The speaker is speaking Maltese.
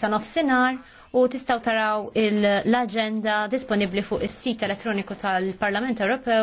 sa nofsinar u tistaw taraw l-agenda disponibli fuq is-sit elettroniku tal-Parlament Ewropew